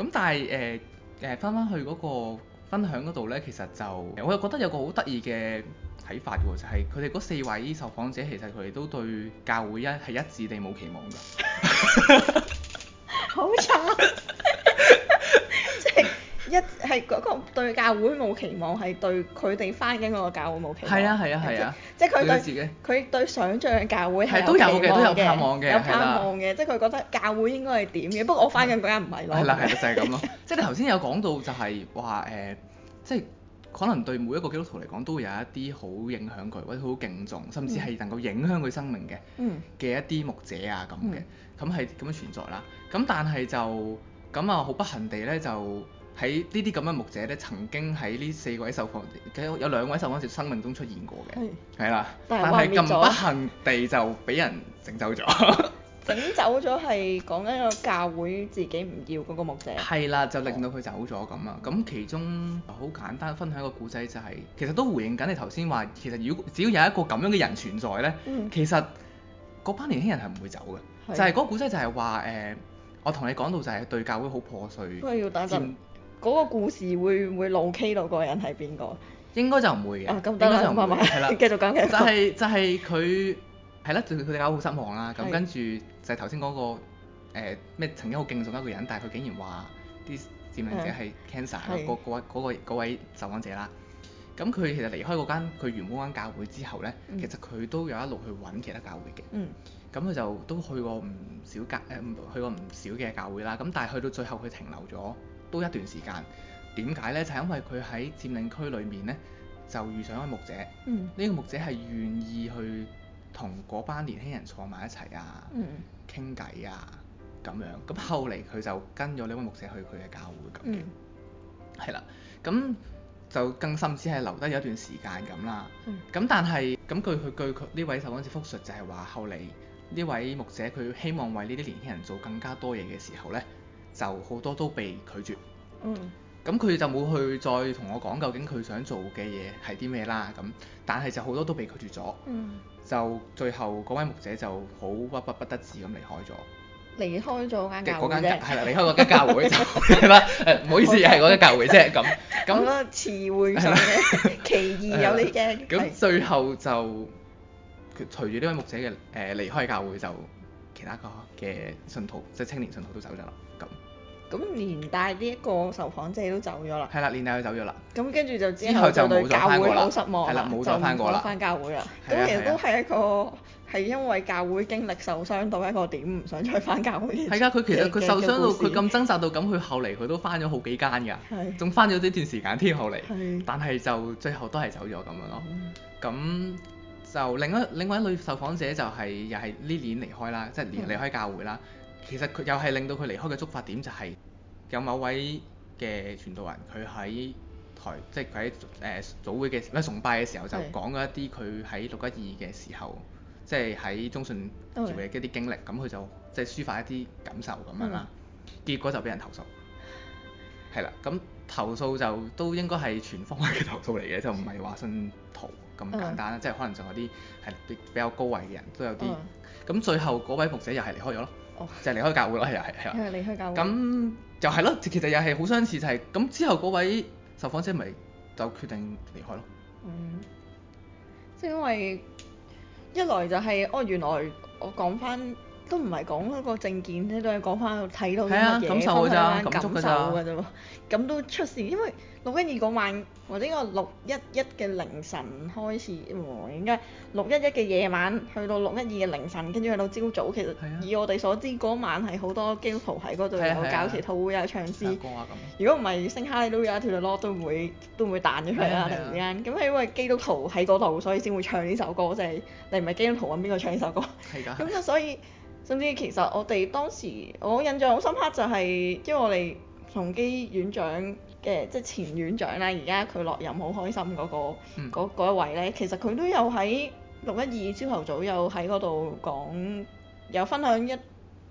咁、嗯、但係誒誒翻翻去嗰個分享嗰度呢，其實就我又覺得有個好得意嘅睇法喎，就係佢哋嗰四位受訪者其實佢哋都對教會一係一致地冇期望㗎。好慘。一係嗰個對教會冇期望，係對佢哋翻緊嗰個教會冇期望。係啊係啊係啊！即係佢對佢對想像嘅教會係都有盼望嘅，有盼望嘅，即係佢覺得教會應該係點嘅。不過我翻緊嗰間唔係咯。係啦係啦，就係咁咯。即係你頭先有講到就係話誒，即係可能對每一個基督徒嚟講都會有一啲好影響佢或者好敬重，甚至係能夠影響佢生命嘅嘅一啲牧者啊咁嘅，咁係咁樣存在啦。咁但係就咁啊，好不幸地咧就。喺呢啲咁嘅牧者咧，曾經喺呢四位受訪，有有兩位受訪者生命中出現過嘅，係啦，但係咁不幸地就俾人整走咗。整走咗係講緊個教會自己唔要嗰個牧者。係啦，就令到佢走咗咁啊。咁其中好簡單分享一個故仔就係，其實都回應緊你頭先話，其實如果只要有一個咁樣嘅人存在咧，其實嗰班年輕人係唔會走嘅。就係嗰個故仔就係話誒，我同你講到就係對教會好破碎。都要打針。嗰個故事會唔會露 K 到個人係邊個？應該就唔會嘅。啊，咁得啦，唔怕唔怕。係啦，繼續講。就係就係佢係啦，佢佢哋好失望啦。咁跟住就係頭先嗰個咩、呃、曾經好敬重一個人，但係佢竟然話啲佔領者係 cancer 是、嗰個嗰、嗰個、位受訪者啦。咁佢是其實離開嗰間佢原本間教會之後咧，嗯、其實佢都有一路去揾其他教會嘅。嗯。咁佢就都去過唔少間誒，去過唔少嘅教會啦。咁但係去到最後佢停留咗都一段時間，點解呢？就係、是、因為佢喺佔領區裏面呢，就遇上一位牧者。呢、嗯、個牧者係願意去同嗰班年輕人坐埋一齊啊，傾偈、嗯、啊，咁樣。咁後嚟佢就跟咗呢位牧者去佢嘅教會咁嘅，係啦。咁、嗯、就更甚至係留得有一段時間咁啦。咁、嗯、但係，咁據佢據佢佢呢位受訪者復述就係話，後嚟呢位牧者佢希望為呢啲年輕人做更加多嘢嘅時候呢，就好多都被拒絕。咁佢、嗯、就冇去再同我講究竟佢想做嘅嘢係啲咩啦，咁但係就好多都被拒絕咗，嗯、就最後嗰位牧者就好鬱鬱不得志咁離開咗，離開咗間教，係啦間，離 開嗰間教會就，唔 好意思，係嗰間教會啫，咁咁啊詞彙上嘅歧義有啲驚，咁 最後就隨住呢位牧者嘅誒離開教會就其他個嘅信徒即係、就是、青年信徒都，都走咗啦，咁。咁連帶呢一個受訪者都走咗啦。係啦，連帶佢走咗啦。咁跟住就之後就對教會好失望啦，就唔想翻教會啦。咁其實都係一個係因為教會經歷受傷到一個點，唔想再翻教會。係㗎，佢其實佢受傷到佢咁掙扎到咁，佢後嚟佢都翻咗好幾間㗎，仲的翻咗呢段時間添後嚟，的但係就最後都係走咗咁樣咯。咁、嗯、就另一另外一位受訪者就係又係呢年離開啦，即係離離開教會啦。嗯其實佢又係令到佢離開嘅觸發點，就係有某位嘅傳道人，佢喺台即係佢喺誒組會嘅崇拜嘅時候，時候就講咗一啲佢喺六一二嘅時候，的即係喺中信召嘅一啲經歷，咁佢 Okay. 就即係抒發一啲感受咁樣啦。Okay. 結果就俾人投訴，係啦、mm.，咁投訴就都應該係全方位嘅投訴嚟嘅，就唔係話信徒咁簡單啦，Okay. 即係可能仲有啲係比比較高位嘅人都有啲。咁 Okay. 最後嗰位牧者又係離開咗咯。就係離開教會咯，係啊，係啊，離開教會。咁就係咯，其實又係好相似，就係、是、咁之後，嗰位受訪者咪就決定離開咯。嗯，即係因為一來就係、是、哦，原來我講翻。都唔係講嗰個證件咧，都係講翻睇到啲乜嘢，睇翻感受㗎咋，感受㗎咋。咁都出事，因為六一二嗰晚或者個六一一嘅凌晨開始，唔係應該六一一嘅夜晚，去到六一二嘅凌晨，跟住去到朝早，其實以我哋所知，嗰晚係好多基督徒喺嗰度有搞祈禱會啊，唱詩。如果唔係，星哈利都有一條律 law 都唔會都唔會彈咗出嚟啦，突然間。咁係因為基督徒喺嗰度，所以先會唱呢首歌，就係你唔係基督徒揾邊個唱呢首歌？係㗎。咁啊，所以。甚至、那個嗯，其實我哋當時我印象好深刻就係，因為我哋崇基院長嘅即係前院長啦，而家佢落任好開心嗰個嗰一位咧，其實佢都有喺六一二朝頭早有喺嗰度講，有分享一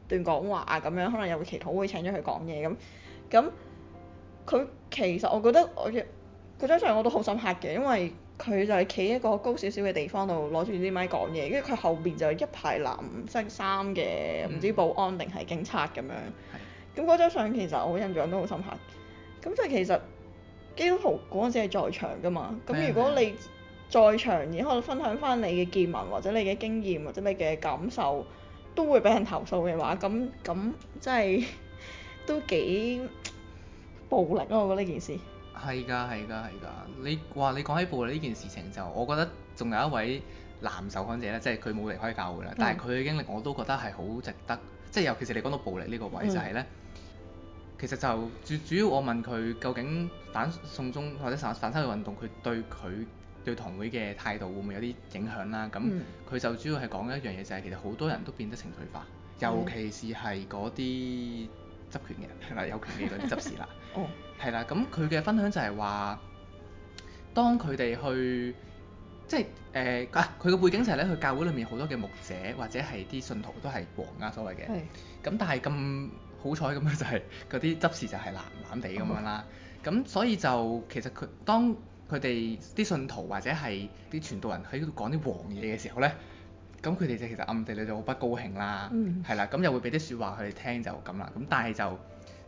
段講話咁樣，可能有個祈禱會請咗佢講嘢咁。咁佢其實我覺得我嘅張相我都好深刻嘅，因為。.佢就係企一個高少少嘅地方度攞住支咪講嘢，跟住佢後邊就一排藍色衫嘅，唔知保安定係警察咁樣。係、嗯。咁嗰張相其實我印象都好深刻。咁即係其實基督徒嗰陣時係在場㗎嘛。咁、嗯、如果你在場然可分享翻你嘅見聞，或者你嘅經驗，或者你嘅感受，都會俾人投訴嘅話，咁咁即係都幾暴力咯、啊，我覺得呢件事。係噶係噶係噶。你話你講起暴力呢件事情就，我覺得仲有一位男受訪者咧，即係佢冇離開教會啦，嗯、但係佢嘅經歷我都覺得係好值得，即係尤其是你講到暴力呢個位、嗯、就係呢。其實就主主要我問佢究竟反送中或者反反修例運動佢對佢對堂會嘅態度會唔會有啲影響啦？咁佢、嗯、就主要係講一樣嘢就係、是、其實好多人都變得情緒化，尤其是係嗰啲。嗯執權嘅，係啦，有權力做啲執事啦，係啦、 oh.，咁佢嘅分享就係話，當佢哋去，即係誒、呃、啊，佢嘅背景就係咧，佢教會裏面好多嘅牧者或者係啲信徒都係黃啊所謂嘅，咁 但係咁好彩咁樣就係嗰啲執事就係藍藍地咁樣啦，咁 所以就其實佢當佢哋啲信徒或者係啲傳道人喺度講啲黃嘢嘅時候咧。咁佢哋就其實暗地裏就好不高興啦，係、嗯、啦，咁又會俾啲説話佢哋聽就咁啦，咁但係就，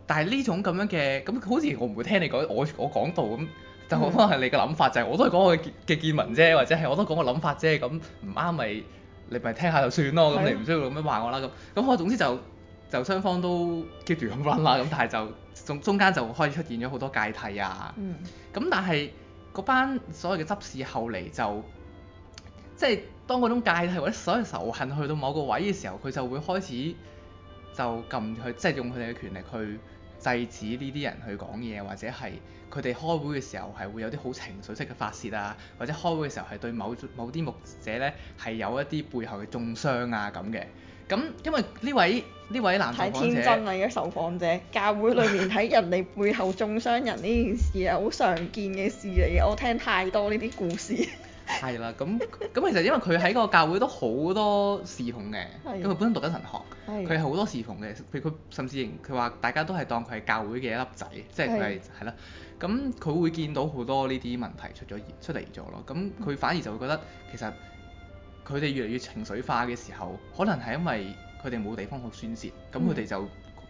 但係呢種咁樣嘅，咁好似我唔會聽你講,我我講,你、就是、我講我我講到咁，就可能係你嘅諗法就係我都係講我嘅見聞啫，或者係我都講我諗法啫，咁唔啱咪你咪聽下就算咯，咁你唔需要咁樣話我啦，咁咁、嗯、我總之就就雙方都 keep 住咁 run 啦，咁但係就中中間就開始出現咗好多芥蒂啊，咁、嗯、但係嗰班所謂嘅執事後嚟就。即係當嗰種芥蒂或者所謂仇恨去到某個位嘅時候，佢就會開始就撳佢，即係用佢哋嘅權力去制止呢啲人去講嘢，或者係佢哋開會嘅時候係會有啲好情緒式嘅發泄啊，或者開會嘅時候係對某某啲牧者呢係有一啲背後嘅中傷啊咁嘅。咁因為呢位呢位男受訪太天真啦！依受訪者，受訪者教會裏面喺人哋背後中傷人呢件事係好 常見嘅事嚟嘅。我聽太多呢啲故事。係啦，咁咁 其實因為佢喺個教會都好多侍奉嘅，咁佢的本身讀緊神學，佢係好多侍奉嘅，譬如佢甚至佢話大家都係當佢係教會嘅一粒仔，即係佢係係啦，咁佢會見到好多呢啲問題出咗出嚟咗咯，咁佢反而就會覺得其實佢哋越嚟越情緒化嘅時候，可能係因為佢哋冇地方好宣泄，咁佢哋就咁、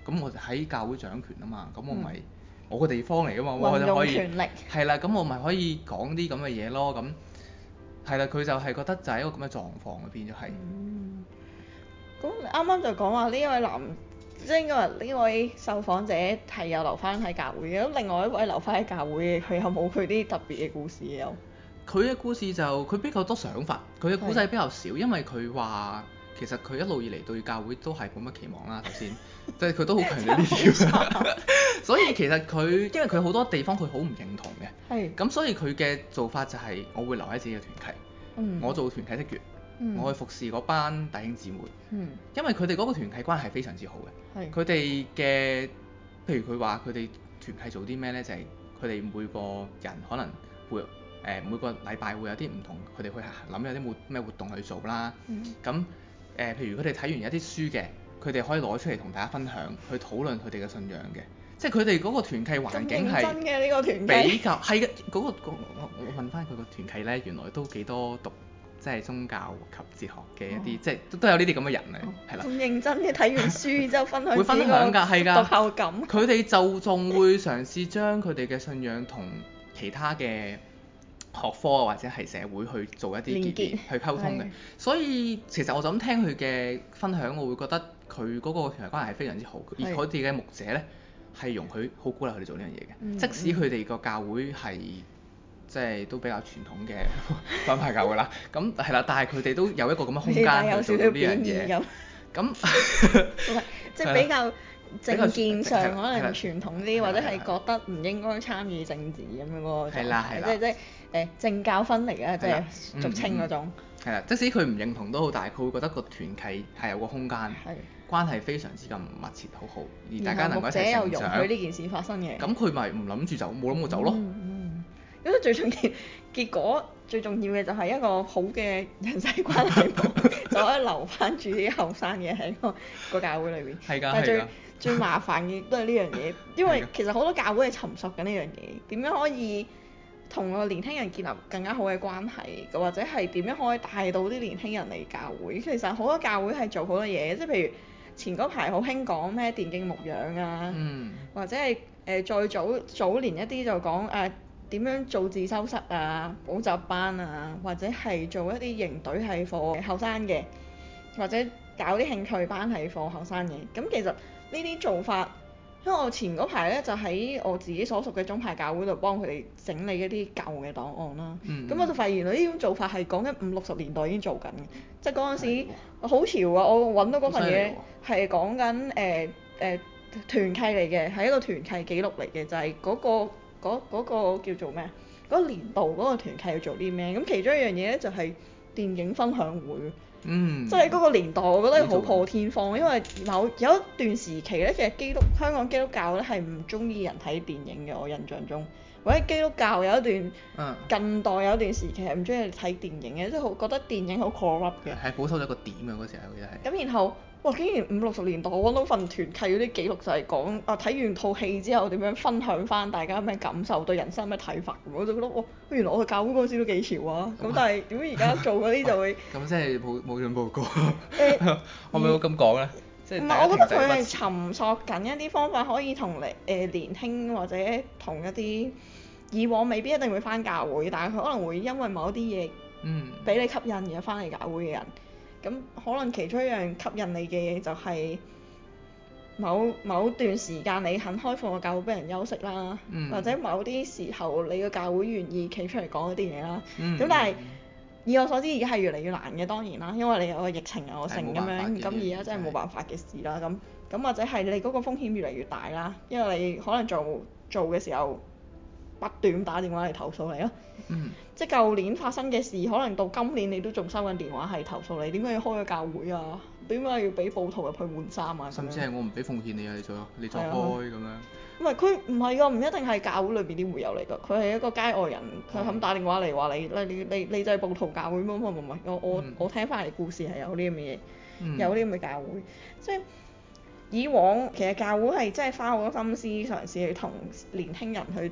嗯、我喺教會掌權啊嘛，咁我唔係、嗯、我個地方嚟啊嘛，我就可以係啦，咁我咪可以講啲咁嘅嘢咯，咁。係啦，佢就係覺得就係一個咁嘅狀況，變咗係。咁你啱啱就講話呢位男，即係應該話呢位受訪者係有留翻喺教會嘅，咁另外一位留翻喺教會嘅，佢有冇佢啲特別嘅故事嘅？佢嘅故事就佢比較多想法，佢嘅故仔比較少，的因為佢話。其實佢一路以嚟對教會都係冇乜期望啦、啊，頭先，即係佢都好強烈。 所以其實佢因為佢好多地方佢好唔認同嘅，咁是所以佢嘅做法就係、是、我會留喺自己嘅團契，嗯、我做團體職員，嗯、我去服侍嗰班弟兄姊妹，嗯、因為佢哋嗰個團契關係非常之好嘅，佢哋嘅譬如佢話佢哋團契做啲咩呢？就係佢哋每個人可能會誒、呃、每個禮拜會有啲唔同，佢哋會諗有啲活咩活動去做啦，咁、嗯。嗯。誒，譬如佢哋睇完一啲書嘅，佢哋可以攞出嚟同大家分享，去討論佢哋嘅信仰嘅，即係佢哋嗰個團契環境係真嘅呢個團契比較，係嘅、啊，這個、那個、我我問翻佢個團契咧，原來都幾多讀即係宗教及哲學嘅一啲，哦、即係都有呢啲咁嘅人咧，係啦、哦，咁的認真嘅睇完書之後分享後 會分享㗎，係㗎，讀後感佢哋 就仲會嘗試將佢哋嘅信仰同其他嘅。學科啊，或者係社會去做一啲連結、去溝通嘅。所以其實我就咁聽佢嘅分享，我會覺得佢嗰個關係係非常之好。而佢哋嘅牧者咧，係容許、好鼓勵佢哋做呢樣嘢嘅。即使佢哋個教會係即係都比較傳統嘅反派教會啦，咁係啦，但係佢哋都有一個咁嘅空間有少少呢樣嘢。咁，即係比較政見上可能傳統啲，或者係覺得唔應該參與政治咁樣嗰個狀態。係啦，係啦。誒，政教分離啊，即係的俗稱嗰種。係啦，即使佢唔認同都好，但係佢會覺得個團契係有個空間，的關係非常之咁密切、好好，而大家能夠一齊成長，而牧者又容許呢件事發生嘅。咁佢咪唔諗住走，冇諗過走咯。因為最重要結果，最重要嘅就係一個好嘅人際關係網 就可以留翻住啲後生嘅喺個個教會裏邊。係㗎的，但係最的最麻煩嘅都係呢樣嘢，因為其實好多教會係尋索緊呢樣嘢，點樣可以？同個年輕人建立更加好嘅關係，或者係點樣可以帶到啲年輕人嚟教會？其實好多教會係做好多嘢，即係譬如前嗰排好興講咩電競牧養啊，嗯、或者係誒、呃、再早早年一啲就講誒點樣做自修室啊、補習班啊，或者係做一啲營隊係課後生嘅，或者搞啲興趣班係課後生嘅。咁、嗯、其實呢啲做法。因為我前嗰排咧就喺我自己所屬嘅宗派教會度幫佢哋整理一啲舊嘅檔案啦，咁、嗯、我就發現到呢種做法係講緊五六十年代已經做緊嘅，即係嗰陣時好潮啊！我揾到嗰份嘢係講緊誒誒團契嚟嘅，係一個團契記錄嚟嘅，就係、係、嗰、嗰個嗰個叫做咩？嗰、嗰個、年度嗰個團契要做啲咩？咁其中一樣嘢咧就係電影分享會。嗯，即係嗰個年代，我覺得好破天荒，冇錯。因為某有一段時期咧，其實基督香港基督教咧係唔中意人睇電影嘅，我印象中，或者基督教有一段近代有一段時期係唔中意人睇電影嘅，嗯、即係覺得電影好 corrupt 嘅。係補充一個點啊！嗰時候我覺得係。咁然後。哇！竟然五六十年代，我揾到份團契嗰啲記錄就係講啊，睇完套戲之後點樣分享翻，大家有咩感受，對人生有咩睇法，我就覺得哇，原來我去教會嗰陣時都幾潮啊！咁但係點解而家做嗰啲就會咁即係冇冇進步過？我咪會咁講咧？即係唔係？我覺得佢係尋索緊一啲方法，可以同你誒年輕或者同一啲以往未必一定會翻教會，但係佢可能會因為某啲嘢嗯，俾你吸引而翻嚟教會嘅人。嗯咁可能其中一樣吸引你嘅嘢就係某某段時間你肯開放個教會俾人休息啦，嗯、或者某啲時候你個教會願意企出嚟講嗰啲嘢啦。咁、嗯、但係以我所知而家係越嚟越難嘅，當然啦，因為你有個疫情啊，我剩咁樣咁而家真係冇辦法嘅事啦。咁咁的或者係你嗰個風險越嚟越大啦，因為你可能做做嘅時候。不斷打電話嚟投訴你啊！嗯、即係舊年發生嘅事，可能到今年你都仲收緊電話係投訴你。點解要開個教會啊？點解要俾暴徒入去換衫啊？甚至係我唔俾奉獻你啊！你再你再開咁、啊、樣。唔係佢唔係噶，唔一定係教會裏邊啲會友嚟噶，佢係一個街外人，佢、嗯、肯打電話嚟話你，你你你，你就係暴徒教會咩咩咩，唔係，我、嗯、我我聽翻嚟故事係有呢啲咁嘅嘢，嗯、有啲咁嘅教會。即以以往其實教會係真係花好多心思，思嘗試去同年輕人去。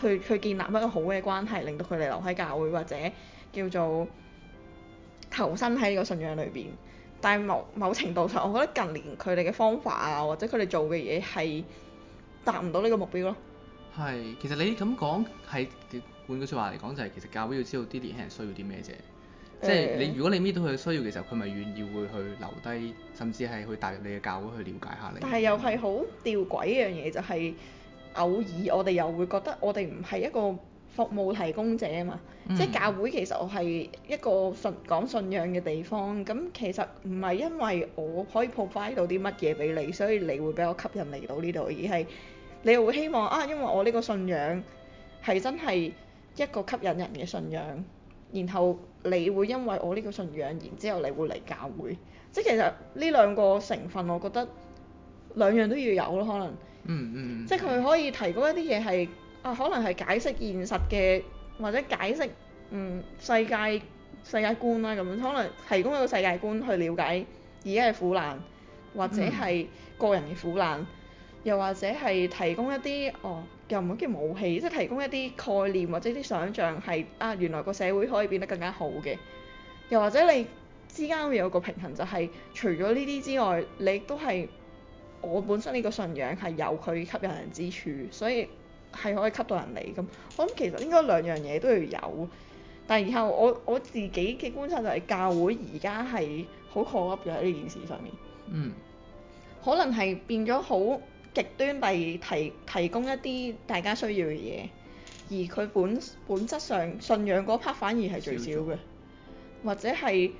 去去建立一個好嘅關係，令到佢哋留喺教會或者叫做投身喺呢個信仰裏邊。但係某某程度上，我覺得近年佢哋嘅方法啊，或者佢哋做嘅嘢係達唔到呢個目標咯。係，其實你咁講係換句説話嚟講，就係、是、其實教會要知道啲年輕人需要啲咩啫。即、就、係、是嗯、你如果你搣到佢需要嘅時候，佢咪願意會去留低，甚至係去帶入你嘅教會去了解下你。但係又係好吊軌一樣嘢就係、是。偶爾我哋又會覺得我哋唔係一個服務提供者啊嘛，嗯、即係教會其實係一個信講信仰嘅地方。咁其實唔係因為我可以 provide 到啲乜嘢俾你，所以你會俾我吸引嚟到呢度，而係你又會希望啊，因為我呢個信仰係真係一個吸引人嘅信仰，然後你會因為我呢個信仰，然之後你會嚟教會。即係其實呢兩個成分，我覺得兩樣都要有咯，可能。嗯，嗯，即係佢可以提供一啲嘢係啊，可能係解釋現實嘅或者解釋嗯世界世界觀啦咁樣，可能提供一個世界觀去了解而家嘅苦難，或者係個人嘅苦難，嗯、又或者係提供一啲哦又唔好叫武器，即係提供一啲概念或者啲想像係啊，原來個社會可以變得更加好嘅，又或者你之間會有個平衡，就係、是、除咗呢啲之外，你都係。我本身呢個信仰係有佢吸引人之處，所以係可以吸到人嚟咁。我諗其實應該兩樣嘢都要有，但然後我我自己嘅觀察就係教會而家係好 collapse 嘅喺呢件事上面。嗯。可能係變咗好極端地提提供一啲大家需要嘅嘢，而佢本本質上信仰嗰 part 反而係最少嘅，或者係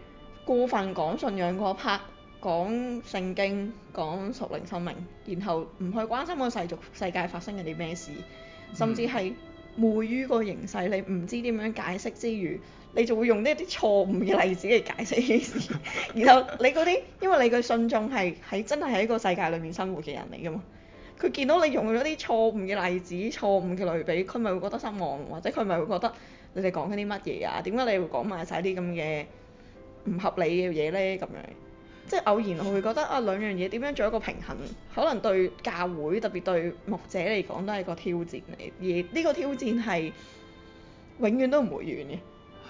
過分講信仰嗰 part。講聖經，講屬靈生命，然後唔去關心個世俗世界發生緊啲咩事，甚至係昧於個形勢，你唔知點樣解釋之餘，你就會用一啲錯誤嘅例子嚟解釋呢啲事。 然後你嗰啲，因為你嘅信眾係喺真係喺個世界裏面生活嘅人嚟噶嘛，佢見到你用咗啲錯誤嘅例子、錯誤嘅類比，佢咪會覺得失望，或者佢咪會覺得你哋講緊啲乜嘢啊？點解你會講埋晒啲咁嘅唔合理嘅嘢咧？咁樣。即係偶然，我會覺得啊，兩樣嘢點樣做一個平衡，可能對教會特別對牧者嚟講都係個挑戰嚟。而呢個挑戰係永遠都唔會完嘅。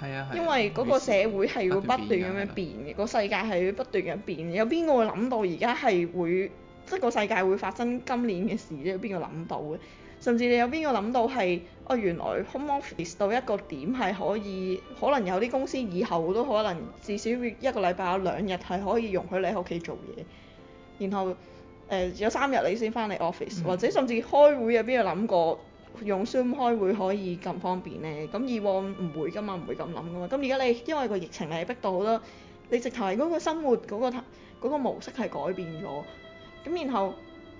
係啊，因為嗰個社會係會不斷咁樣變嘅，個、啊啊、世界係會不斷咁變嘅。有邊個會諗到而家係會即係個世界會發生今年嘅事啫？邊個諗到嘅？甚至你有邊個諗到係。哦，原來 home office 到一個點係可以，可能有啲公司以後都可能至少一個禮拜有兩日係可以容許你喺屋企做嘢，然後誒、呃、有三日你先翻嚟 office，或者甚至開會入邊有諗過用 Zoom 開會可以咁方便呢？咁以往唔會噶嘛，唔會咁諗噶嘛，咁而家你因為個疫情係逼到好多，你直頭係嗰個生活嗰、嗰個那個模式係改變咗，咁然後。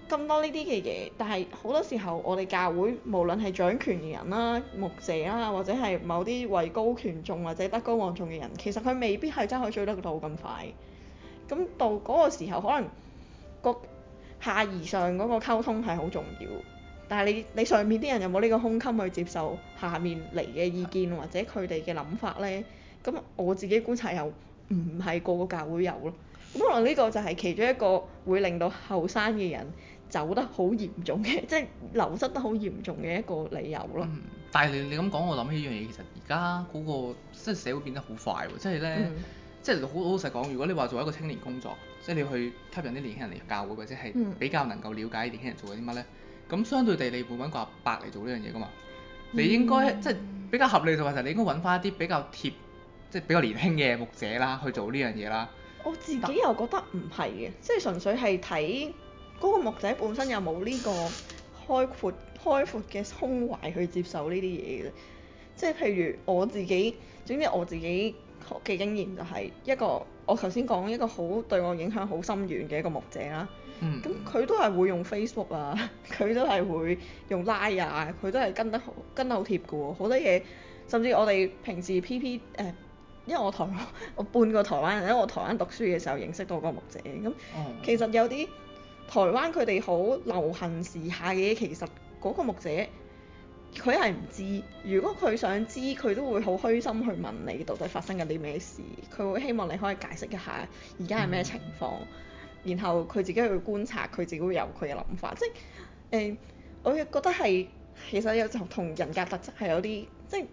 咁多呢啲嘅嘢，但係好多時候我哋教會無論係掌權嘅人啦、啊、牧者啦、啊，或者係某啲位高權重或者德高望重嘅人，其實，佢未必係真係追得到咁快。咁到嗰個時候，可能個下而上嗰個溝通係好重要。但係你你上面啲人有冇呢個胸襟去接受下面嚟嘅意見或者佢哋嘅諗法咧？咁我自己觀察又唔係個個教會有咯。咁可能呢個就係其中一個會令到後生嘅人。走得好嚴重嘅，即係流失得好嚴重嘅一個理由咯、嗯。但係你你咁講，我諗起一樣嘢，其實而家嗰個即係社會變得好快喎，即係咧，嗯、即係好老實講，如果你話做一個青年工作，即係你去吸引啲年輕人嚟教會或者係比較能夠了解年輕人做過啲乜咧，咁、嗯、相對地你會揾個阿伯嚟做呢樣嘢噶嘛？嗯、你應該即係比較合理嘅做法就你應該揾翻一啲比較貼，即係比較年輕嘅牧者啦去做呢樣嘢啦。我自己又覺得唔係嘅，即係純粹係睇。嗰個牧者本身又冇呢個開闊開闊嘅胸懷去接受呢啲嘢嘅，即係譬如我自己，總之我自己嘅經驗就係一個我頭先講一個好對我影響好深遠嘅一個牧者啦。咁佢、嗯、都係會用 Facebook 啊，佢都係會用 Line 啊，佢都係跟得好跟得好貼嘅喎。好多嘢，甚至我哋平時 P P 誒，因為我台我半個台灣人，因為我台灣讀書嘅時候認識到個牧者，咁其實有啲。嗯台灣佢哋好流行時下嘅，其實嗰個牧者佢係唔知。如果佢想知，佢都會好虛心去問你到底發生緊啲咩事。佢會希望你可以解釋一下而家係咩情況，嗯、然後佢自己去觀察，佢自己會有佢嘅諗法。即係誒、欸，我覺得係其實有時同人格特質係有啲即係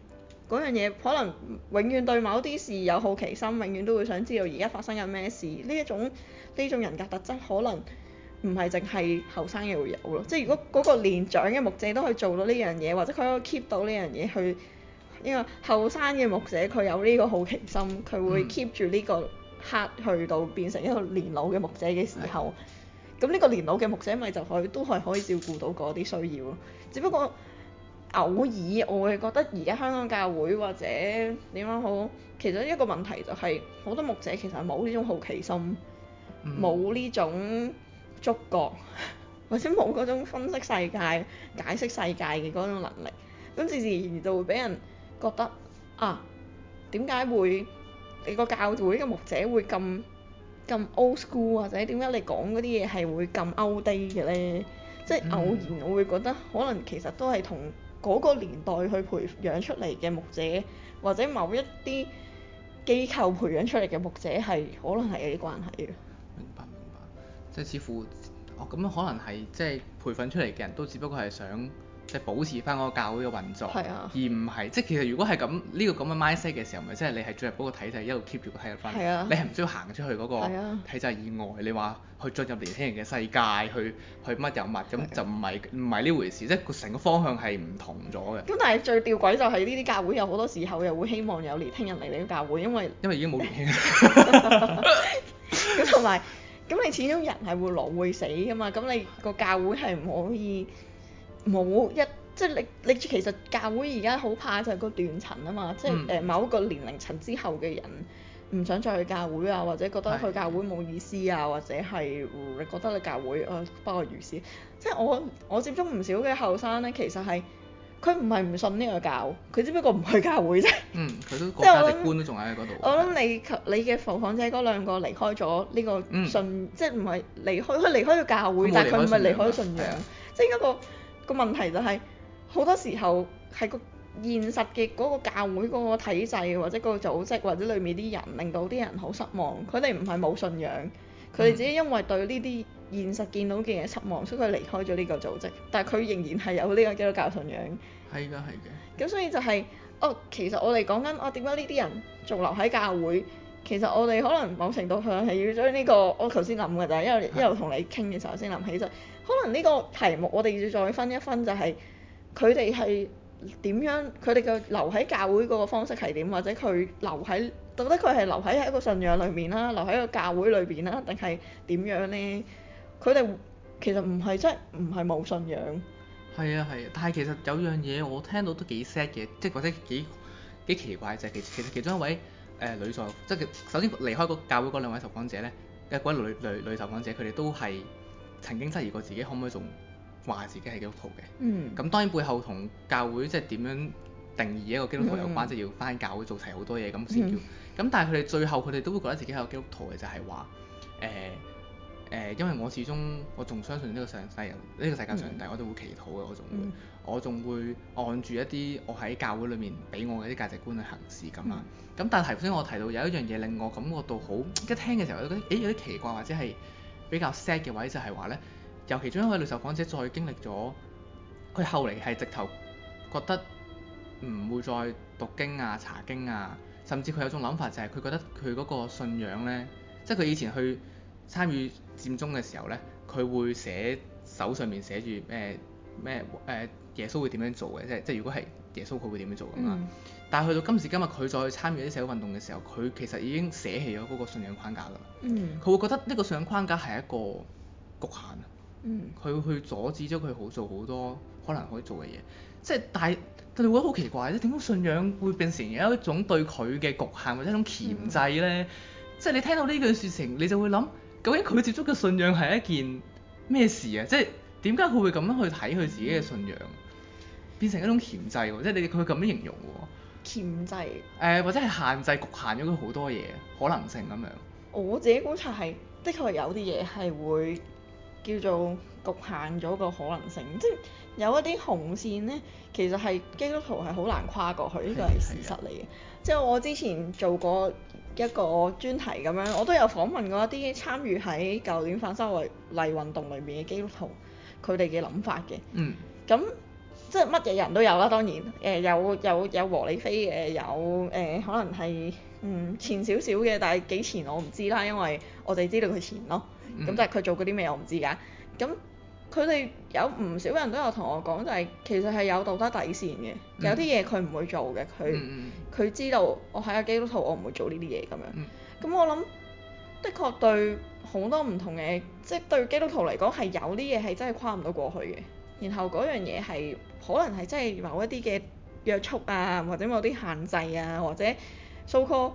嗰樣嘢，可能永遠對某啲事有好奇心，永遠都會想知道而家發生緊咩事。呢一種呢種人格特質可能。唔係淨係後生嘅會有咯，即係如果嗰個年長嘅牧者都可以做到呢樣嘢，或者佢可以 keep 到呢樣嘢去。因為後生嘅牧者佢有呢個好奇心，佢會 keep 住呢個刻去到變成一個年老嘅牧者嘅時候，咁呢個年老嘅牧者咪就可以都係可以照顧到嗰啲需要咯。只不過偶爾我會覺得而家香港教會或者點樣好，其中一個問題就係、是、好多牧者其實冇呢種好奇心，冇呢、嗯、種。觸覺，或者冇嗰種分析世界、解釋世界嘅嗰種能力，咁自自然然就會俾人覺得啊，點解會你個教會嘅牧者會咁咁 old school，或者點解你講嗰啲嘢係會咁 old day 嘅咧？嗯、即係偶然，我會覺得可能其實都係同嗰個年代去培養出嚟嘅牧者，或者某一啲機構培養出嚟嘅牧者係可能係有啲關係嘅。明白。即係似乎，哦咁樣可能係即係培訓出嚟嘅人都只不過係想即係保持翻嗰個教會嘅運作，啊、而唔係即係其實如果係咁呢個咁嘅 mindset 嘅時候，咪即係你係進入嗰個體制一路 keep 住個體制翻，啊、你係唔需要行出去嗰個體制以外，啊、你話去進入年輕人嘅世界去去乜又乜，咁、啊、就唔係唔係呢回事，即係成個方向係唔同咗嘅。咁但係最吊詭就係呢啲教會有好多時候又會希望有年輕人嚟你啲教會，因為因為已經冇年輕人，咁同埋。咁你始終人係會老會死噶嘛，咁你個教會係唔可以冇一，即係你你其實教會而家好怕就係個斷層啊嘛。嗯、即係誒某一個年齡層之後嘅人唔想再去教會啊，或者覺得去教會冇意思啊，的或者係你覺得你教會誒不過如是，即係我我接觸唔少嘅後生咧，其實係。佢唔係唔信呢個教，佢只不過唔去教會啫。嗯，佢都價值觀都仲喺嗰度。我諗你你嘅受訪者嗰兩個離開咗呢個信，嗯、即係唔係離開佢離開咗教會，但係佢唔係離開信仰。即係、嗰、一個、嗰個問題就係、是、好多時候喺個現實嘅嗰個教會嗰個體制或者嗰個組織或者裏面啲人令到啲人好失望。佢哋唔係冇信仰，佢哋只係因為對呢啲。現實見到嘅嘢失望，所以佢離開咗呢個組織。但係佢仍然係有呢個基督教信仰。係嘅，係嘅。咁所以就係，哦，其實我哋講緊，哦，點解呢啲人仲留喺教會？其實我哋可能某程度上係要將呢個，我頭先諗嘅啫，因為一路同你傾嘅時候先諗起就，可能呢個題目我哋要再分一分就係，佢哋係點樣？佢哋嘅留喺教會嗰個方式係點？或者佢留喺，到底佢係留喺喺一個信仰裏面啦，留喺一個教會裏邊啦，定係點樣呢？佢哋其實唔係即係唔係冇信仰。係啊係啊，但係其實有樣嘢我聽到都幾 sad 嘅，即係或者幾幾奇怪就係、是、其其實其中一位誒、呃、女受，即、就、係、是、首先離開個教會嗰兩位受訪者咧嘅嗰位女女女受訪者，佢哋都係曾經質疑過自己可唔可以仲話自己係基督徒嘅。嗯。咁當然背後同教會即係點樣定義一個基督徒有關，嗯、即係要返教會做齊好多嘢咁先叫。咁、嗯嗯、但係佢哋最後佢哋都會覺得自己係個基督徒嘅，就係話誒。呃誒，因為我始終我仲相信呢個上帝，呢、這個世界上帝，我都會祈禱嘅，我仲會，嗯、我仲會按住一啲我喺教會裏面俾我嘅啲價值觀去行事咁啦。咁、嗯、但係頭先我提到有一樣嘢令我感覺到好一聽嘅時候，我覺得誒有啲奇怪或者係比較 sad 嘅位就，就係話呢，尤其中一位女受訪者再經歷咗，佢後嚟係直頭覺得唔會再讀經啊、查經啊，甚至佢有種諗法就係、是、佢覺得佢嗰個信仰呢，即係佢以前去參與、嗯。佔中嘅時候呢，佢會寫手上面寫住咩咩誒，耶穌會點樣做嘅？即係即係如果係耶穌佢會點樣做㗎嘛？嗯、但係去到今時今日，佢再參與啲社會運動嘅時候，佢其實已經捨棄咗嗰個信仰框架㗎嘛。佢、嗯、會覺得呢個信仰框架係一個局限佢、嗯、會去阻止咗佢好做好多可能可以做嘅嘢。即係但係，但係我覺得好奇怪，即係點解信仰會變成有一種對佢嘅局限或者一種鉗制呢？嗯、即係你聽到呢句說話，你就會諗。究竟佢接觸嘅信仰係一件咩事啊？即係點解佢會咁樣去睇佢自己嘅信仰，變成一種鉗制喎？即係你哋佢咁樣形容喎？鉗制誒、呃，或者係限制局限咗佢好多嘢可能性咁樣。我自己觀察係，的確係有啲嘢係會。叫做局限咗個可能性，即係有一啲紅線呢，其實係基督徒係好難跨過去，呢個係事實嚟嘅。 即係我之前做過一個專題咁樣，我都有訪問過一啲參與喺舊年反修例運動裏面嘅基督徒，佢哋嘅諗法嘅。嗯。咁即係乜嘢人都有啦，當然誒、呃、有有有和理非嘅，有誒、呃、可能係嗯前少少嘅，但係幾前我唔知啦，因為我哋知道佢前咯。咁就係佢做嗰啲咩我唔知㗎。咁佢哋有唔少人都有同我講，就係、是、其實係有道德底線嘅，嗯、有啲嘢佢唔會做嘅。佢佢、嗯嗯嗯、知道，我喺個基督徒，我唔會做呢啲嘢咁樣。咁、嗯嗯、我諗，的確對好多唔同嘅，即、就、係、是、對基督徒嚟講係有啲嘢係真係跨唔到過去嘅。然後嗰樣嘢係可能係真係某一啲嘅約束啊，或者某啲限制啊，或者 so called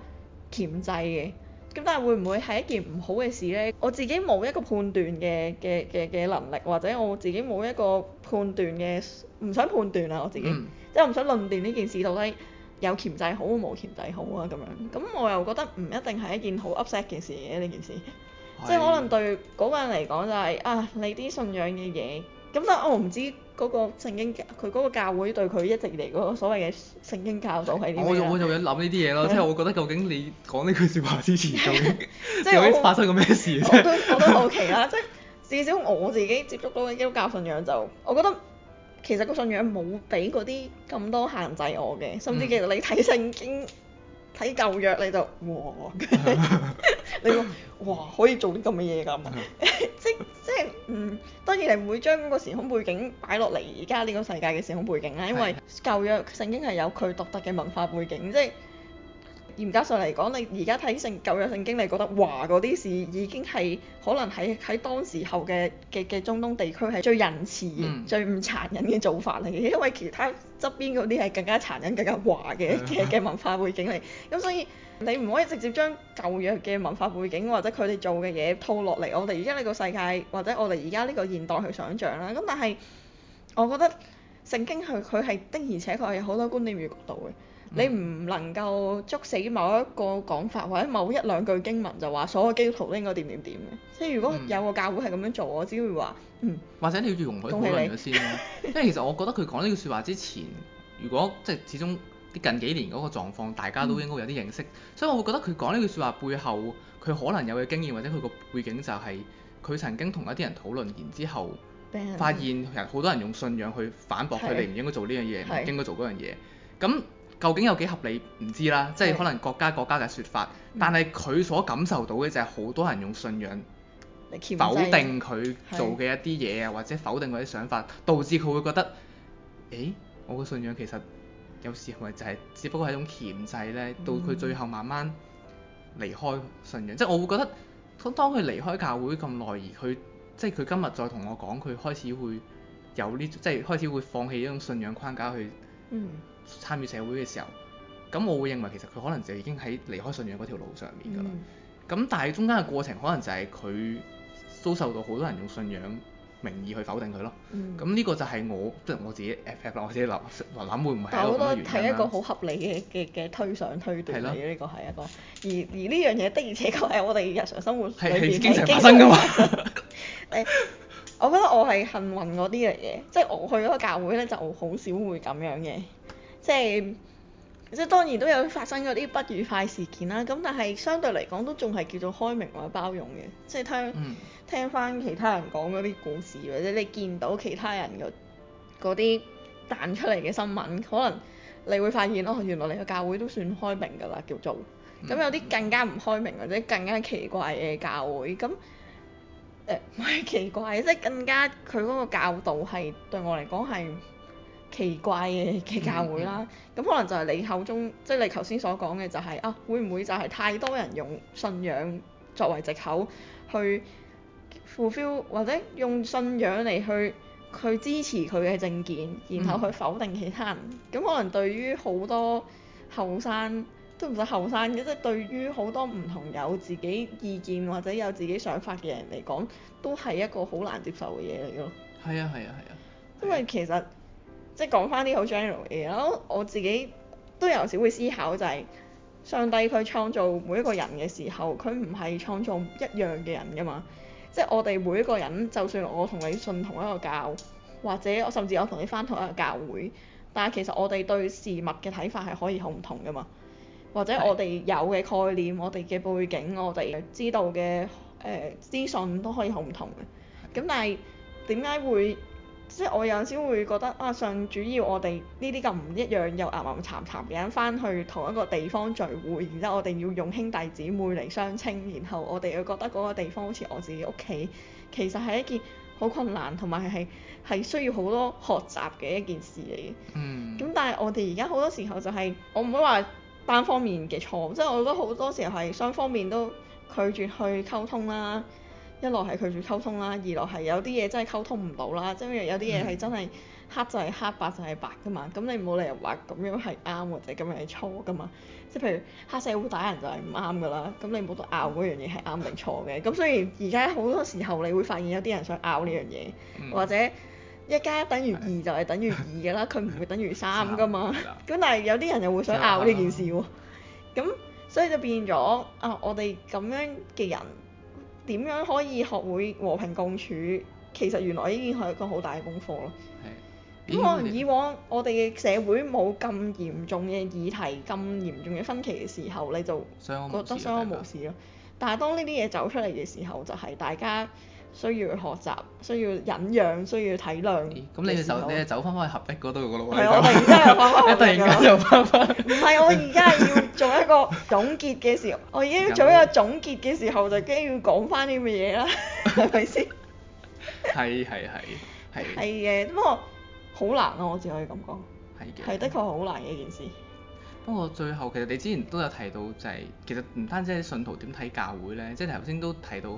鉗制嘅。咁但係會唔會係一件唔好嘅事咧？我自己冇一個判斷嘅嘅嘅嘅能力，或者我自己冇一個判斷嘅唔想判斷啦、啊，我自己、嗯、即係我唔想論斷呢件事到底有鉗制好冇鉗制好啊咁樣。咁我又覺得唔一定係一件好 upset 嘅事嘅、啊、呢件事，的 即係可能對嗰個人嚟講就係、是、啊你啲信仰嘅嘢。咁但我唔知嗰個聖經佢嗰教會對佢一直嚟嗰個所謂嘅聖經教導係點？我我就有諗呢啲嘢咯，嗯、即係我覺得究竟你講呢句説話之前究竟， 即係我發生過咩事我，我都我都 OK 啦， 即係至少我自己接觸到嘅基督教信仰就，我覺得其實個信仰冇俾嗰啲咁多限制我嘅，甚至其實、嗯、你睇聖經睇舊約你就哇，你話哇可以做啲咁嘅嘢㗎嘛？ 即即係，嗯，當然係唔會將個時空背景擺落嚟，而家呢個世界嘅時空背景啦，因為舊約聖經係有佢獨特嘅文化背景，即係嚴格上嚟講，你而家睇聖舊約聖經，你覺得華嗰啲事已經係可能喺喺當時候嘅嘅嘅中東地區係最仁慈、嗯、最唔殘忍嘅做法嚟嘅，因為其他側邊嗰啲係更加殘忍、更加華嘅嘅嘅文化背景嚟，咁 所以。你唔可以直接將舊約嘅文化背景或者佢哋做嘅嘢套落嚟我哋而家呢個世界或者我哋而家呢個現代去想像啦。咁但係我覺得聖經佢佢係的，而且確係有好多觀念與角度嘅。你唔能夠捉死某一個講法或者某一兩句經文就話所有基督徒都應該點點點嘅。即係如果有個教會係咁樣做，我只會話嗯。或者你要容許佢討論先， 因為其實我覺得佢講呢句説話之前，如果即係始終。近幾年嗰個狀況，大家都應該有啲認識，嗯、所以我會覺得佢講呢句説話背後，佢可能有嘅經驗或者佢個背景就係、是、佢曾經同一啲人討論，然之後發現其實好多人用信仰去反駁佢哋唔是應該做呢樣嘢，唔應該做嗰樣嘢。咁是究竟有幾合理唔知啦，是即係可能國家國家嘅説法，是但係佢所感受到嘅就係好多人用信仰、嗯、否定佢做嘅一啲嘢啊，或者否定佢啲想法，導致佢會覺得，誒，我個信仰其實,其實有時咪就係只不過係一種鉗制咧？到佢最後慢慢離開信仰，嗯、即係我會覺得，當佢離開教會咁耐而佢，即係佢今日再同我講佢開始會有呢，即係開始會放棄呢種信仰框架去參與社會嘅時候，咁、嗯、我會認為其實佢可能就已經喺離開信仰嗰條路上面㗎啦。咁、嗯、但係中間嘅過程可能就係佢遭受到好多人用信仰名義去否定佢咯，咁呢、嗯、個就係我即係、就是、我自己，我我自己諗，我諗會唔會？但係我都係一個好合理嘅嘅嘅推想推斷嚟嘅呢個係一個，的而而呢樣嘢的而且確係我哋日常生活裏邊經常發生嘅嘛。誒，我覺得我係幸運嗰啲嚟嘅，即、就、係、是、我去嗰個教會咧，就好少會咁樣嘅，即係即係當然都有發生嗰啲不愉快事件啦。咁但係相對嚟講都仲係叫做開明或包容嘅，即係睇。嗯聽翻其他人講嗰啲故事，或者你見到其他人嘅啲彈出嚟嘅新聞，可能你會發現哦，原來你個教會都算開明㗎啦，叫做咁、嗯、有啲更加唔開明或者更加奇怪嘅教會，咁誒唔係奇怪，即係更加佢嗰個教導係對我嚟講係奇怪嘅嘅教會啦。咁、嗯嗯、可能就係你口中即係你頭先所講嘅，就係啊，會唔會就係太多人用信仰作為藉口去？f u l l 或者用信仰嚟去去支持佢嘅政見，然後去否定其他人咁，嗯、哼可能對於好多後生都唔使後生嘅，即、就、係、是、對於好多唔同有自己意見或者有自己想法嘅人嚟講，都係一個好難接受嘅嘢嚟咯。係啊，係啊，係啊，啊因為其實即係講翻啲好 general 嘅嘢啦，我自己都有時會思考就係、是、上帝佢創造每一個人嘅時候，佢唔係創造一樣嘅人㗎嘛。即係我哋每一個人，就算我同你信同一個教，或者我甚至我同你返同一個教會，但係其實我哋對事物嘅睇法係可以好唔同㗎嘛。或者我哋有嘅概念、我哋嘅背景、我哋知道嘅誒、呃、資訊都可以好唔同嘅。咁但係點解會？即係我有陣時會覺得啊，上主要我哋呢啲咁唔一樣又陰陰沉沉嘅人翻去同一個地方聚會，然之後我哋要用兄弟姊妹嚟相稱，然後我哋又覺得嗰個地方好似我自己屋企，其實係一件好困難同埋係係需要好多學習嘅一件事嚟嘅。嗯。咁但係我哋而家好多時候就係，我唔會話單方面嘅錯誤，即係我覺得好多時候係雙方面都拒絕去溝通啦。一來係拒絕溝通啦，二來係有啲嘢真係溝通唔到啦，即、就、係、是、有啲嘢係真係黑就係黑，白就係白噶嘛。咁你冇理由話咁樣係啱或者咁樣係錯噶嘛。即係譬如黑社會打人就係唔啱噶啦，咁你冇得拗嗰樣嘢係啱定錯嘅。咁所以而家好多時候，你會發現有啲人想拗呢樣嘢，嗯、或者一加一等於二就係等於二噶啦，佢唔 會等於三噶嘛。咁但係有啲人又會想拗呢件事喎、啊。咁所以就變咗啊！我哋咁樣嘅人。點樣可以學會和平共處？其實原來已經係一個好大嘅功課咯。咁可能以往 我哋嘅社會冇咁嚴重嘅議題、咁 嚴重嘅分歧嘅時候，你就覺得相安無事咯。家但係當呢啲嘢走出嚟嘅時候，就係、是、大家。需要學習，需要忍讓，需要體諒。咁你就你走翻翻去合璧嗰度嗰度？係我突然間又翻翻去。突然間又翻翻。唔係，我而家係要做一個總結嘅時，我已經做一個總結嘅時候，就梗要講翻呢咁嘅嘢啦，係咪先？係係係係。係嘅，不過好難咯，我只可以咁講。係嘅。係的確好難嘅一件事。不過最後其實你之前都有提到，就係其實唔單止係信徒點睇教會咧，即係頭先都提到。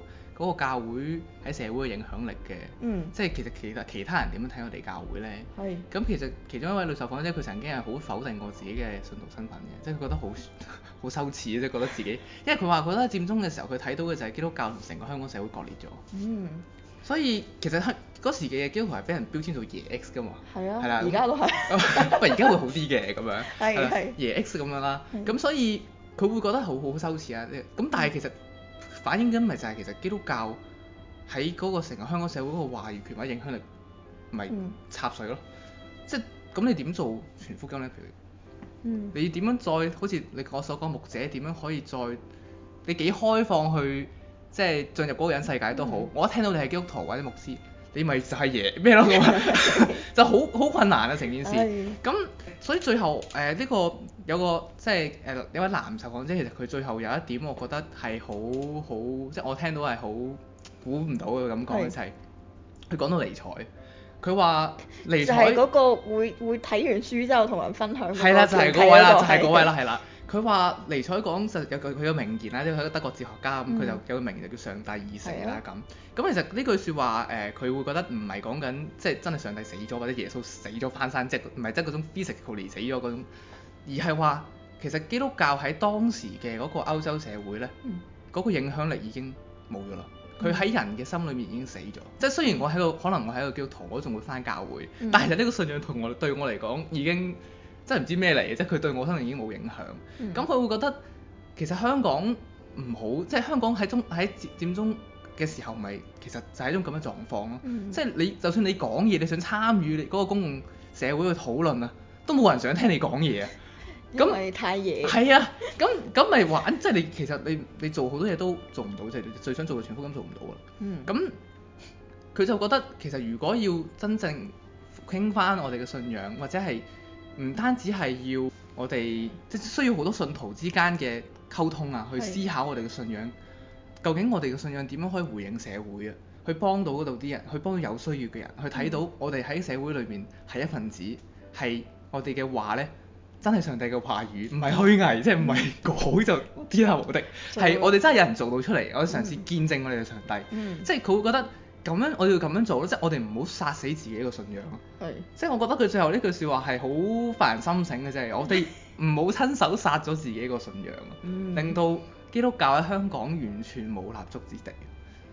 嗰個教會喺社會嘅影響力嘅，即係其實其實其他人點樣睇我哋教會咧？係。咁其實其中一位女受訪者佢曾經係好否定過自己嘅信徒身份嘅，即係覺得好好羞恥，即係覺得自己，因為佢話佢喺佔中嘅時候佢睇到嘅就係基督教同成個香港社會割裂咗。嗯。所以其實嗰時嘅基督徒係俾人標籤做耶 X 㗎嘛。係啊。係啦，而家都係。不過而家會好啲嘅咁樣。係係。耶 X 咁樣啦，咁所以佢會覺得好好羞恥啊！咁但係其實。反映緊咪就係其實基督教喺嗰個成個香港社會嗰個話語權或者影響力咪插水咯。嗯、即係咁你點做全福音咧？譬如你點、嗯、樣再好似你我所講，牧者點樣可以再你幾開放去即係進入嗰個人世界都好，嗯、我一聽到你係基督徒或者牧師，你咪就係耶咩咯，咁就好好困難啊成件事咁。哎所以最後，誒、呃、呢、這個有個即係誒、呃、有位男受講者，其實佢最後有一點我覺得係好好，即係我聽到係好估唔到嘅感覺，是就係佢講到離財，佢話離財就係嗰個會睇完書之後同人分享嗰個係啦，就係、是、嗰位啦，就係嗰位啦，係啦、啊。佢話尼采講實有佢佢個名言啦，即係一個德國哲學家咁，佢就、嗯、有個名言就叫上帝已死啦咁。咁、嗯、其實呢句説話誒，佢、呃、會覺得唔係講緊即係真係上帝死咗或者耶穌死咗翻山，即係唔係即係嗰種 physically 死咗嗰種，而係話其實基督教喺當時嘅嗰個歐洲社會咧，嗰、嗯、個影響力已經冇咗啦。佢喺人嘅心裏面已經死咗。嗯、即係雖然我喺度，可能我喺度叫基督徒仲會返教會，嗯、但係其實呢個信仰同我對我嚟講已經。真係唔知咩嚟嘅，即係佢對我身上已經冇影響。咁佢、嗯、會覺得其實香港唔好，即係香港喺中喺佔中嘅時候，咪其實就係一種咁嘅狀況咯。嗯、即係你就算你講嘢，你想參與嗰個公共社會嘅討論啊，都冇人想聽你講嘢啊。因為太野。係啊，咁咁咪玩， 即係你其實你你做好多嘢都做唔到，就係最想做嘅傳福音做唔到啦。嗯。咁佢就覺得其實如果要真正傾翻我哋嘅信仰或者係，唔單止係要我哋，即需要好多信徒之間嘅溝通啊，去思考我哋嘅信仰。的究竟我哋嘅信仰點樣可以回應社會啊？去幫到嗰度啲人，去幫到有需要嘅人，去睇到我哋喺社會裏面係一份子，係我哋嘅話呢，真係上帝嘅話語，唔係虛偽，即係唔係好就天下無敵，係我哋真係有人做到出嚟，我哋嘗試見證我哋嘅上帝，嗯、即係佢會覺得。咁樣我要咁樣做咯，即係我哋唔好殺死自己個信仰。係是。即係我覺得佢最後呢句説話係好發人深省嘅，即係 我哋唔好親手殺咗自己個信仰，嗯、令到基督教喺香港完全冇立足之地。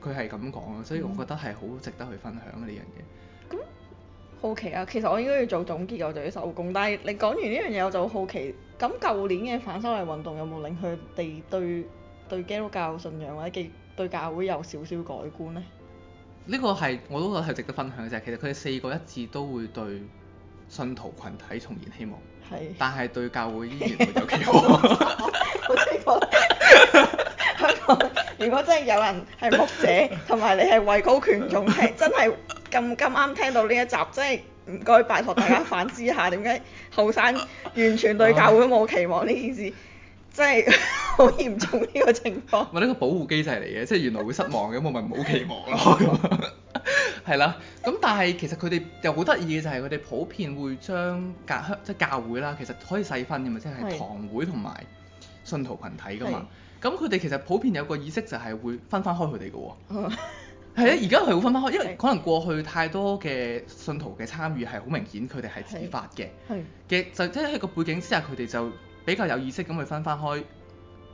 佢係咁講咯，所以我覺得係好值得去分享呢樣嘢。咁、嗯、好奇啊，其實我應該要做總結，我就要收工。但係你講完呢樣嘢，我就好好奇。咁舊年嘅反修例運動有冇令佢哋對對，對基督教信仰或者記對教會有少少改觀呢？呢個係我都覺得係值得分享嘅就係，其實佢哋四個一致都會對信徒群體重燃希望，是但係對教會依然沒有期望。好希望，如果真係有人係牧者，同埋你係位高權重，係 真係咁咁啱聽到呢一集，真係唔該拜託大家反思下點解後生完全對教會冇期望呢、啊、件事。即係好嚴重呢個情況 唔係，呢個保護機制嚟嘅，即係原來會失望嘅，我咪冇期望咯。咁係啦，咁但係其實佢哋又好得意嘅就係佢哋普遍會將教即係教會啦，其實可以細分嘅咪即係堂會同埋信徒群體㗎嘛。咁佢哋其實普遍有個意識就係會分翻開佢哋㗎喎。係啊， 而家佢會分翻開，因為可能過去太多嘅信徒嘅參與係好明顯，佢哋係自發嘅。係嘅的的，就即係喺個背景之下，佢哋就。比較有意識咁去分翻開，誒、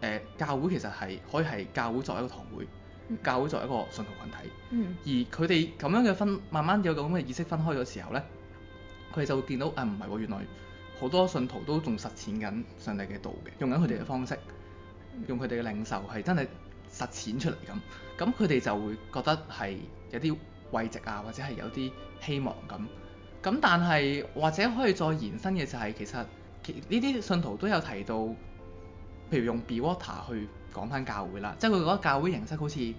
呃、教會其實係可以係教會作為一個堂會，嗯、教會作為一個信徒群體。嗯、而佢哋咁樣嘅分，慢慢有個咁嘅意識分開嘅時候呢，佢哋就會見到、哎、啊，唔係原來好多信徒都仲實踐緊上帝嘅道嘅，用緊佢哋嘅方式，嗯、用佢哋嘅領袖，係真係實踐出嚟咁。咁佢哋就會覺得係有啲慰藉啊，或者係有啲希望咁、啊。咁但係或者可以再延伸嘅就係、是、其實。呢啲信徒都有提到，譬如用 be water 去講翻教會啦，即係佢覺得教會形式好似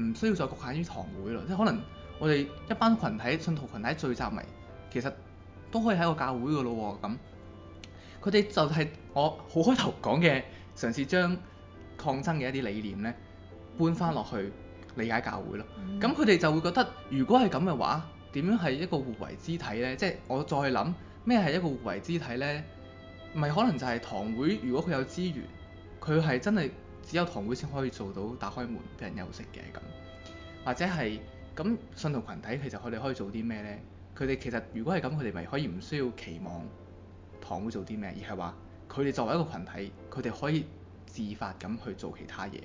唔需要再局限於堂會咯，即係可能我哋一班群體信徒群體聚集埋，其實都可以喺個教會㗎咯喎咁。佢哋就係我好開頭講嘅，嘗試將抗爭嘅一啲理念咧搬翻落去理解教會咯。咁佢哋就會覺得，如果係咁嘅話，點樣係一個互為肢體咧？即係我再諗咩係一個互為肢體咧？唔係可能就係堂會，如果佢有資源，佢係真係只有堂會先可以做到打開門俾人休息嘅咁，或者係咁信徒群體其實佢哋可以做啲咩呢？佢哋其實如果係咁，佢哋咪可以唔需要期望堂會做啲咩，而係話佢哋作為一個群體，佢哋可以自發咁去做其他嘢。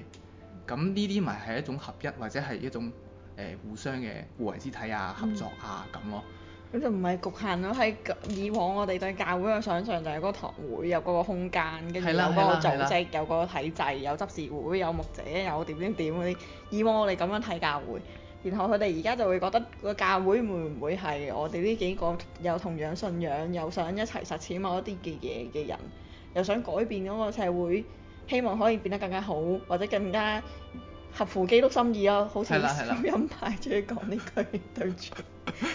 咁呢啲咪係一種合一，或者係一種、呃、互相嘅互為肢體啊、合作啊咁咯。咁就唔係局限咯，喺以往我哋對教會嘅想像就係嗰堂會有嗰個個空間，跟住有嗰個組織，有嗰個體制，有執事會，有牧者，有點點點啲。以往我哋咁樣睇教會，然後佢哋而家就會覺得個教會會唔會係我哋呢幾個有同樣信仰，又想一齊實踐某一啲嘅嘢嘅人，又想改變嗰個社會，希望可以變得更加好，或者更加合乎基督心意咯。好似福音派最講呢句對象，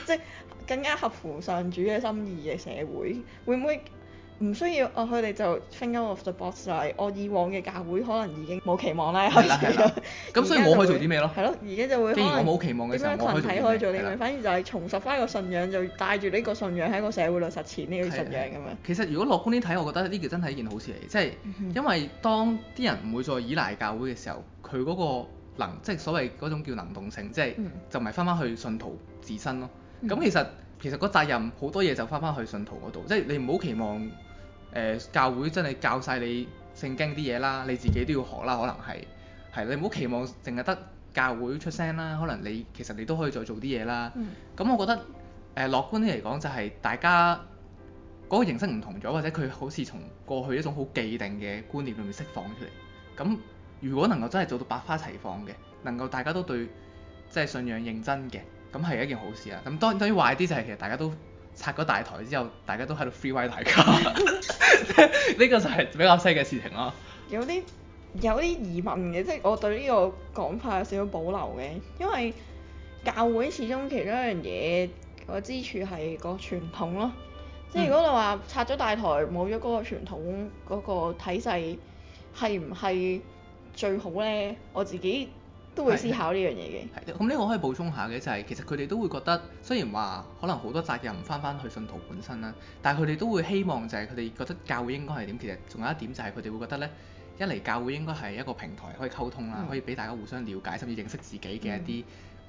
即係。更加合乎上主嘅心意嘅社會，會唔會唔需要？哦，佢哋就 think out of the box，我以往嘅教會可能已經冇期望啦。係啦，咁所以我可以做啲咩咯？係咯，而家就會可能點樣群體可以做啲咩的？反而就係重拾翻個信仰，就帶住呢個信仰喺個社會度實踐呢個信仰咁樣。其實如果樂觀啲睇，我覺得呢件真係一件好事嚟，即係因為當啲人唔會再依賴教會嘅時候，佢嗰個能，即係所謂嗰種叫能動性，即係就咪翻翻去信徒自身咯。的咁、嗯、其實其實個責任好多嘢就返返去信徒嗰度，即係你唔好期望誒、呃、教會真係教晒你聖經啲嘢啦，你自己都要學啦。可能係係你唔好期望淨係得教會出聲啦，可能你其實你都可以再做啲嘢啦。咁、嗯嗯、我覺得誒、呃、樂觀啲嚟講就係大家嗰、那個形式唔同咗，或者佢好似從過去一種好既定嘅觀念裡面釋放出嚟。咁如果能夠真係做到百花齊放嘅，能夠大家都對即係、就是、信仰認真嘅。咁係一件好事啊！咁當然對於壞啲就係其實大家都拆咗大台之後，大家都喺度 free way 大家，呢 個就係比較細嘅事情咯有。有啲有啲疑問嘅，即係我對呢個講法有少少保留嘅，因為教會始終其中一樣嘢個支柱係個傳統咯。即係如果你話拆咗大台冇咗嗰個傳統嗰個體制，係唔係最好咧？我自己。都會思考呢樣嘢嘅。咁呢、這個可以補充下嘅就係、是，其實佢哋都會覺得，雖然話可能好多責任唔翻翻去信徒本身啦，但係佢哋都會希望就係佢哋覺得教會應該係點？其實仲有一點就係佢哋會覺得呢，一嚟教會應該係一個平台可以溝通啦，嗯、可以俾大家互相了解，甚至認識自己嘅一啲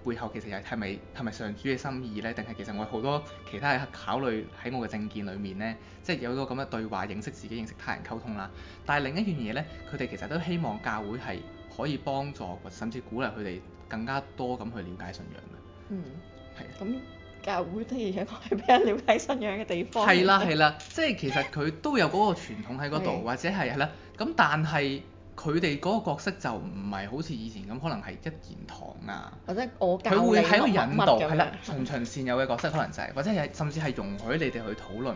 背後其實又係咪係咪上主嘅心意呢？定係其實我有好多其他考慮喺我嘅政見裡面呢？即、就、係、是、有一個咁嘅對話，認識自己、認識他人、溝通啦。但係另一樣嘢呢，佢哋其實都希望教會係。可以幫助甚至鼓勵佢哋更加多咁去了解信仰。嗯，係啊的。咁教會第二樣，係俾人了解信仰嘅地方。係啦，係啦， 即係其實佢都有嗰個傳統喺嗰度，的或者係係啦。咁但係佢哋嗰個角色就唔係好似以前咁，可能係一言堂啊，或者我教。佢會喺度引導，係啦，循循善誘嘅角色，可能就係、是，或者係甚至係容許你哋去討論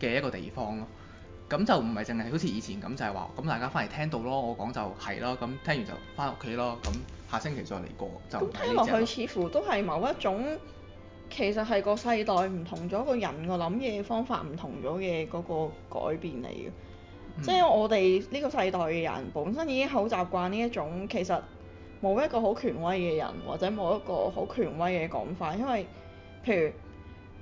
嘅一個地方咯。咁就唔係淨係好似以前咁，就係話咁大家翻嚟聽到咯，我講就係咯，咁聽完就翻屋企咯，咁下星期再嚟過就睇。咁聽落去似乎都係某一種，其實係個世代唔同咗，個人嘅諗嘢方法唔同咗嘅嗰個改變嚟嘅。即係、嗯、我哋呢個世代嘅人本身已經好習慣呢一種其實冇一個好權威嘅人或者冇一個好權威嘅講法，因為譬如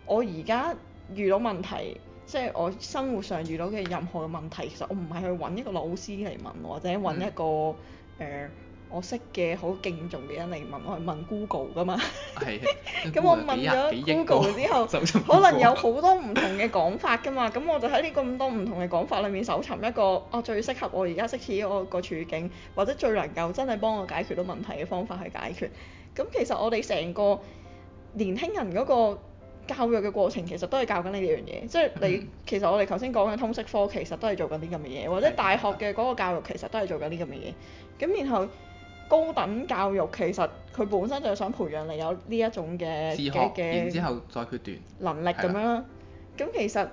我而家遇到問題。即係我生活上遇到嘅任何嘅問題，其實我唔係去揾一個老師嚟問，或者揾一個誒、嗯呃、我識嘅好敬重嘅人嚟問，我去問 Google 㗎嘛。咁 我問咗 Google 之後，可能有好多唔同嘅講法㗎嘛。咁 我就喺呢咁多唔同嘅講法裡面搜尋一個我、啊、最適合我而家適切我個處境，或者最能夠真係幫我解決到問題嘅方法去解決。咁其實我哋成個年輕人嗰、嗰個。教育嘅過程其實都係教緊呢樣嘢，即係你其實我哋頭先講嘅通識科其實都係做緊啲咁嘅嘢，或者大學嘅嗰個教育其實都係做緊啲咁嘅嘢。咁然後高等教育其實佢本身就係想培養你有呢一種嘅自己嘅能力咁樣啦。咁其實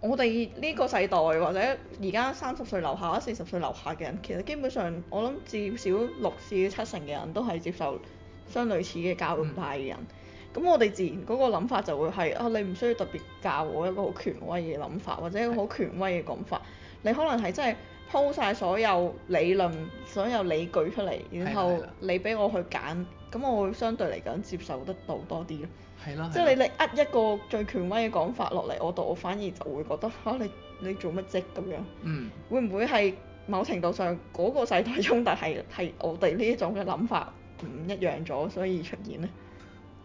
我哋呢個世代或者而家三十歲樓下、四十歲樓下嘅人，其實基本上我諗至少六至七成嘅人都係接受相類似嘅教育派嘅人。嗯。咁我哋自然嗰個諗法就會係啊，你唔需要特別教我一個好權威嘅諗法，或者一個好權威嘅講法。你可能係真係鋪晒所有理論、所有理據出嚟，然後你俾我去揀，咁我會相對嚟講接受得到多啲咯。係咯。即係你你扼一個最權威嘅講法落嚟我度，我反而就會覺得嚇、啊、你你做乜啫咁樣。嗯。會唔會係某程度上嗰、嗰個世代衝突係係我哋呢種嘅諗法唔一樣咗，所以出現呢？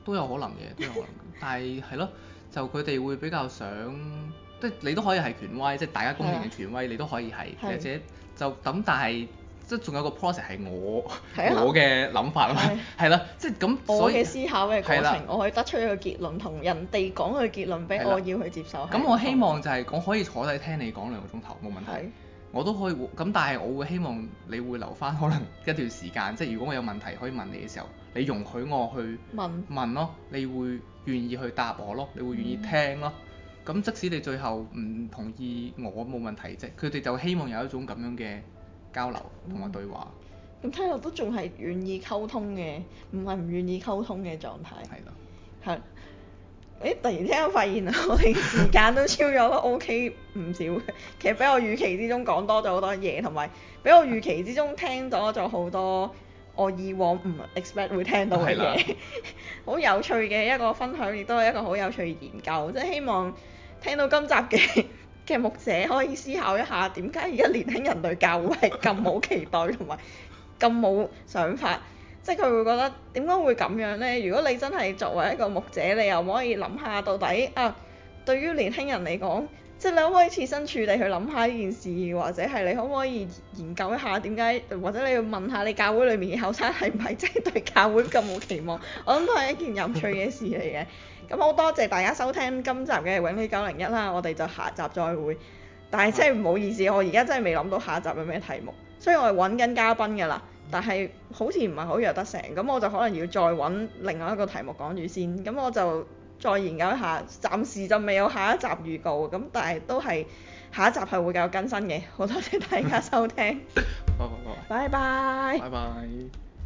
都有可能嘅，都有可能。但係係咯，就佢哋會比較想，即係你都可以係權威，即係大家公認嘅權威，你都可以係，或者就咁。但係即係仲有個 process 係我我嘅諗法啊嘛，係啦，即係咁我嘅思考嘅過程，我可以得出一個結論，同人哋講個結論俾我要去接受。咁我希望就係講可以坐低聽你講兩個鐘頭冇問題，我都可以。咁但係我會希望你會留翻可能一段時間，即係如果我有問題可以問你嘅時候。你容許我去問問咯，你會願意去答我咯，你會願意聽咯。咁、嗯、即使你最後唔同意我冇問題啫。佢哋就希望有一種咁樣嘅交流同埋對話。咁聽落都仲係願意溝通嘅，唔係唔願意溝通嘅狀態。係咯的。係。誒，突然之間我發現我哋時間都超咗，都 OK 唔少嘅。 其實比我預期之中講多咗好多嘢，同埋比我預期之中聽多咗好多。我以往唔 expect 會聽到嘅嘢，好的 有趣嘅一個分享，亦都係一個好有趣嘅研究。即係希望聽到今集嘅嘅牧者可以思考一下，點解而家年輕人對教會係咁冇期待同埋咁冇想法？即係佢會覺得點解會咁樣咧？如果你真係作為一個牧者，你又唔可以諗下到底啊？對於年輕人嚟講。即係你可唔可以設身處地去諗下呢件事，或者係你可唔可以研究一下點解，或者你要問下你教會裡面嘅後生係唔係真係對教會咁冇期望？ 我諗都係一件有趣嘅事嚟嘅。咁好多謝大家收聽今集嘅永利九零一啦，我哋就下集再會。但係真係唔好意思，我而家真係未諗到下集有咩題目，所以我係揾緊嘉賓㗎啦，但係好似唔係好約得成，咁我就可能要再揾另外一個題目講住先。咁我就～再研究一下，暫時就未有下一集預告咁，但係都係下一集係會繼續更新嘅。好 多謝大家收聽，好，拜拜，拜拜，拜拜。